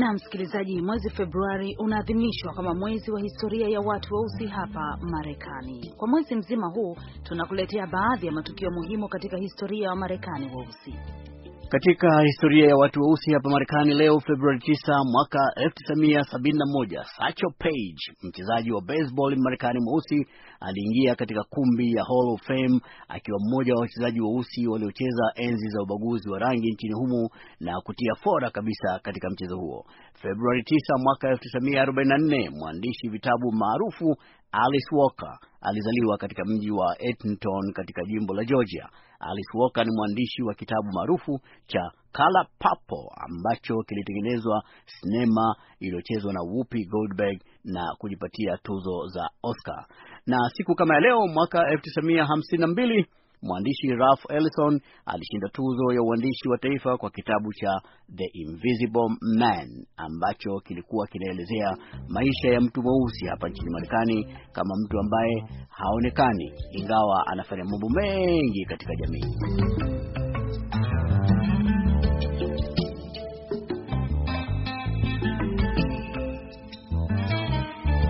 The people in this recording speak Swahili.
Na msikilizaji, mwezi Februari unaadhimishwa kama mwezi wa historia ya watu weusi hapa Marekani. Kwa mwezi mzima huu tunakuletea baadhi ya matukio muhimu katika historia ya Wamarekani weusi. Katika historia ya watu weusi hapa Marekani leo Februari 9 mwaka 1971, sacho page mchezaji wa baseball Marekani mweusi, aliingia katika kumbi ya Hall of Fame akiwa mmoja wa wachezaji weusi waliocheza enzi za ubaguzi wa rangi nchini humo na kutia fora kabisa katika mchezo huo. Februari 9 mwaka 1944, mwandishi vitabu maarufu Alice Walker Alizaliwa katika mji wa Eatonton katika jimbo la Georgia. Alice Walker ni mwandishi wa kitabu maarufu cha Color Purple ambacho kilitengenezwa sinema iliyochezwa na Whoopi Goldberg na kujipatia tuzo za Oscar. Na siku kama ya leo mwaka 1952 Mwandishi Ralph Ellison alishinda tuzo ya uandishi wa taifa kwa kitabu cha The Invisible Man ambacho kilikuwa kinaelezea maisha ya mtu mweusi hapa nchini Marekani kama mtu ambaye haonekani ingawa anafanya mambo mengi katika jamii.